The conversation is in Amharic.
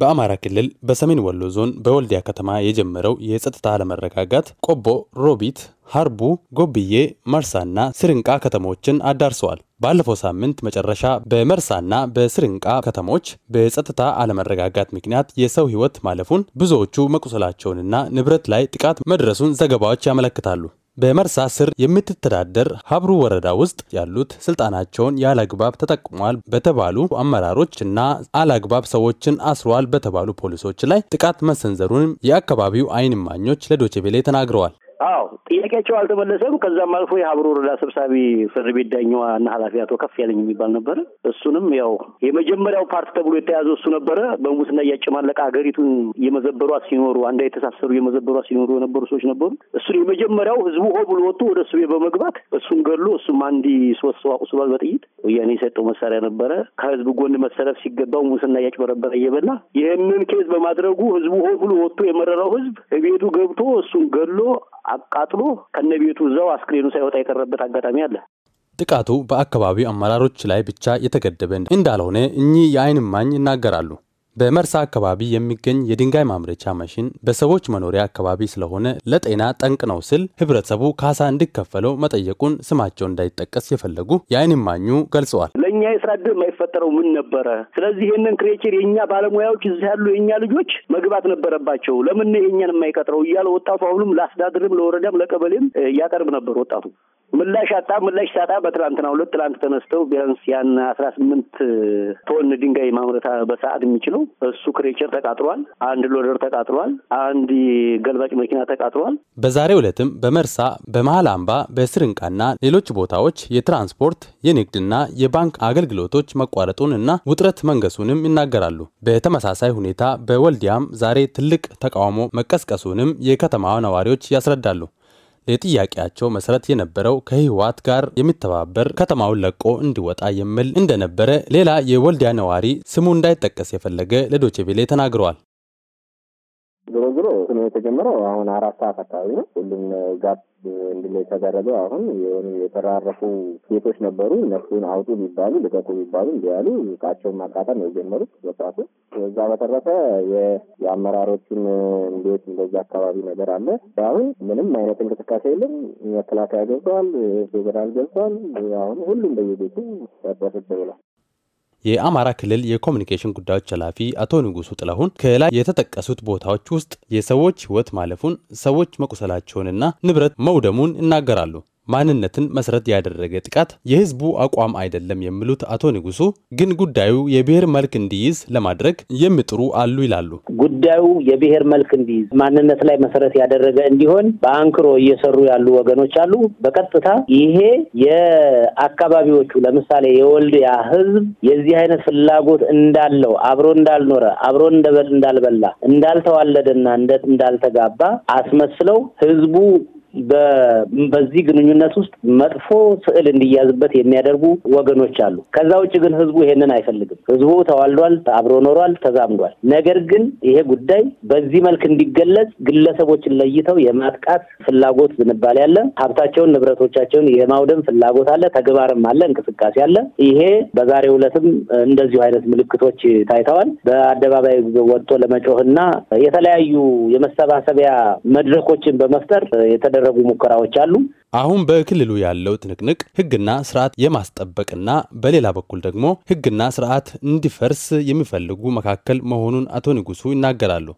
በአማራ ክልል በሰሜን ወሎ ዞን በወልዲያ ከተማ የጀመረው የጸጥታ አለመረጋጋት ቆቦ፣ ሮቢት፣ ሀርቡ፣ ጎብዬ፣ መርሳና ስርንቃ ከተሞችን አዳርሰዋል። ባለፈው ሳምንት መጨረሻ በመርሳና በስርንቃ ከተሞች በጸጥታ አለመረጋጋት ምክንያት የሰው ሕይወት ማለፉን ብዙዎቹ መቁሰላቸውንና ንብረት ላይ ጥቃት መድረሱን ዘገባዎች ያመለክታሉ። በመርሳ ስር የምትተዳደር ሀብሩ ወረዳ ውስጥ ያሉት ስልጣናቸውን ያለአግባብ ተጠቅሟል በተባሉ አመራሮች እና አላግባብ ሰዎችን አስሯል በተባሉ ፖሊሶች ላይ ጥቃት መሰንዘሩን የአካባቢው አይን እማኞች ለዶቼ ተናግረዋል። አዎ ጥያቄያቸው አልተመለሰም። ከዛም አልፎ የሀብሩ ወረዳ ሰብሳቢ ፍርድ ቤት ዳኛዋ እና ኃላፊ አቶ ከፍ ያለኝ የሚባል ነበረ። እሱንም ያው የመጀመሪያው ፓርት ተብሎ የተያዘ እሱ ነበረ። በሙስና እያጨማለቀ ሀገሪቱን የመዘበሯ ሲኖሩ አንዳ የተሳሰሩ የመዘበሯ ሲኖሩ የነበሩ ሰዎች ነበሩ። እሱን የመጀመሪያው ህዝቡ ሆ ብሎ ወጡ ወደ እሱ በመግባት እሱ ሲገሉ እሱም አንድ ሶስት ሰው አቁስሏል በጥይት ወያኔ የሰጠው መሳሪያ ነበረ። ከህዝብ ጎን መሰለፍ ሲገባው ሙስና እያጭበረበረ እየበላ ይህንን ኬዝ በማድረጉ ህዝቡ ሁሉ ብሎ ወጥቶ የመረራው ህዝብ ቤቱ ገብቶ እሱን ገሎ አቃጥሎ ከነ ቤቱ እዛው አስክሬኑ ሳይወጣ የቀረበት አጋጣሚ አለ። ጥቃቱ በአካባቢው አመራሮች ላይ ብቻ የተገደበ እንዳልሆነ እኚህ የአይን እማኝ ይናገራሉ። በመርሳ አካባቢ የሚገኝ የድንጋይ ማምረቻ ማሽን በሰዎች መኖሪያ አካባቢ ስለሆነ ለጤና ጠንቅ ነው ስል ህብረተሰቡ ካሳ እንዲከፈለው መጠየቁን ስማቸው እንዳይጠቀስ የፈለጉ የአይን እማኙ ገልጸዋል። ለእኛ የስራ እድል የማይፈጠረው ምን ነበረ? ስለዚህ ይህንን ክሬቸር የእኛ ባለሙያዎች እዚህ ያሉ የእኛ ልጆች መግባት ነበረባቸው። ለምን የእኛን የማይቀጥረው እያለ ወጣቱ አሁንም ለአስዳድርም ለወረዳም፣ ለቀበሌም እያቀርብ ነበር ወጣቱ ምላሽ አጣ። ምላሽ ሳጣ በትላንትና ሁለት ትላንት ተነስተው ቢያንስ ያን አስራ ስምንት ቶን ድንጋይ ማምረት በሰዓት የሚችለው እሱ ክሬቸር ተቃጥሏል። አንድ ሎደር ተቃጥሏል። አንድ ገልባጭ መኪና ተቃጥሏል። በዛሬው ዕለትም በመርሳ በመሀል አምባ በስርንቃና ሌሎች ቦታዎች የትራንስፖርት የንግድና የባንክ አገልግሎቶች መቋረጡን እና ውጥረት መንገሱንም ይናገራሉ። በተመሳሳይ ሁኔታ በወልዲያም ዛሬ ትልቅ ተቃውሞ መቀስቀሱንም የከተማዋ ነዋሪዎች ያስረዳሉ። ለጥያቄያቸው መሰረት የነበረው ከህወሓት ጋር የሚተባበር ከተማውን ለቆ እንዲወጣ የሚል እንደነበረ ሌላ የወልዲያ ነዋሪ ስሙ እንዳይጠቀስ የፈለገ ለዶቼ ቬሌ ተናግረዋል። ዞሮ ዞሮ የተጀመረው አሁን አራት ሰዓት አካባቢ ነው። ሁሉም ጋር እንድላይ ተደረገ። አሁን የሆኑ የተራረፉ ሴቶች ነበሩ። እነሱን አውጡ ቢባሉ ልቀቁ ቢባሉ እንዲያሉ እቃቸውን ማቃጠል ነው የጀመሩት ወጣቱ። እዛ በተረፈ የአመራሮችን እንዴት እንደዚህ አካባቢ ነገር አለ። አሁን ምንም አይነት እንቅስቃሴ የለም። መከላከያ ገብተዋል፣ ፌዴራል ገብተዋል። አሁን ሁሉም በየቤቱ ያጠፍት ብሏል። የአማራ ክልል የኮሚኒኬሽን ጉዳዮች ኃላፊ አቶ ንጉሱ ጥላሁን ከላይ የተጠቀሱት ቦታዎች ውስጥ የሰዎች ህይወት ማለፉን፣ ሰዎች መቁሰላቸውንና ንብረት መውደሙን ይናገራሉ። ማንነትን መሰረት ያደረገ ጥቃት የህዝቡ አቋም አይደለም የሚሉት አቶ ንጉሱ ግን ጉዳዩ የብሔር መልክ እንዲይዝ ለማድረግ የሚጥሩ አሉ ይላሉ። ጉዳዩ የብሔር መልክ እንዲይዝ ማንነት ላይ መሰረት ያደረገ እንዲሆን በአንክሮ እየሰሩ ያሉ ወገኖች አሉ። በቀጥታ ይሄ የአካባቢዎቹ ለምሳሌ የወልድያ ህዝብ የዚህ አይነት ፍላጎት እንዳለው አብሮ እንዳልኖረ አብሮ እንዳልበላ እንዳልተዋለደና እንዳልተጋባ አስመስለው ህዝቡ በዚህ ግንኙነት ውስጥ መጥፎ ስዕል እንዲያዝበት የሚያደርጉ ወገኖች አሉ። ከዛ ውጭ ግን ህዝቡ ይሄንን አይፈልግም። ህዝቡ ተዋልዷል፣ አብሮ ኖሯል፣ ተዛምዷል። ነገር ግን ይሄ ጉዳይ በዚህ መልክ እንዲገለጽ ግለሰቦችን ለይተው የማጥቃት ፍላጎት ዝንባሌ አለ። ሀብታቸውን፣ ንብረቶቻቸውን የማውደም ፍላጎት አለ። ተግባርም አለ፣ እንቅስቃሴ አለ። ይሄ በዛሬ ዕለትም እንደዚሁ አይነት ምልክቶች ታይተዋል። በአደባባይ ወጥቶ ለመጮህና የተለያዩ የመሰባሰቢያ መድረኮችን በመፍጠር የተደረ የተደረጉ ሙከራዎች አሉ። አሁን በክልሉ ያለው ትንቅንቅ ህግና ስርዓት የማስጠበቅና በሌላ በኩል ደግሞ ህግና ስርዓት እንዲፈርስ የሚፈልጉ መካከል መሆኑን አቶ ንጉሱ ይናገራሉ።